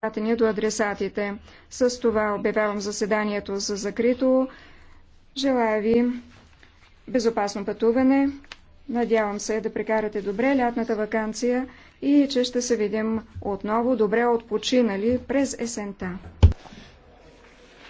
пратени до адресатите. С това обявявам заседанието за закрито. Желая ви безопасно пътуване. Надявам се да прекарате добре лятната вакансия и че ще се видим отново добре отпочинали през есента.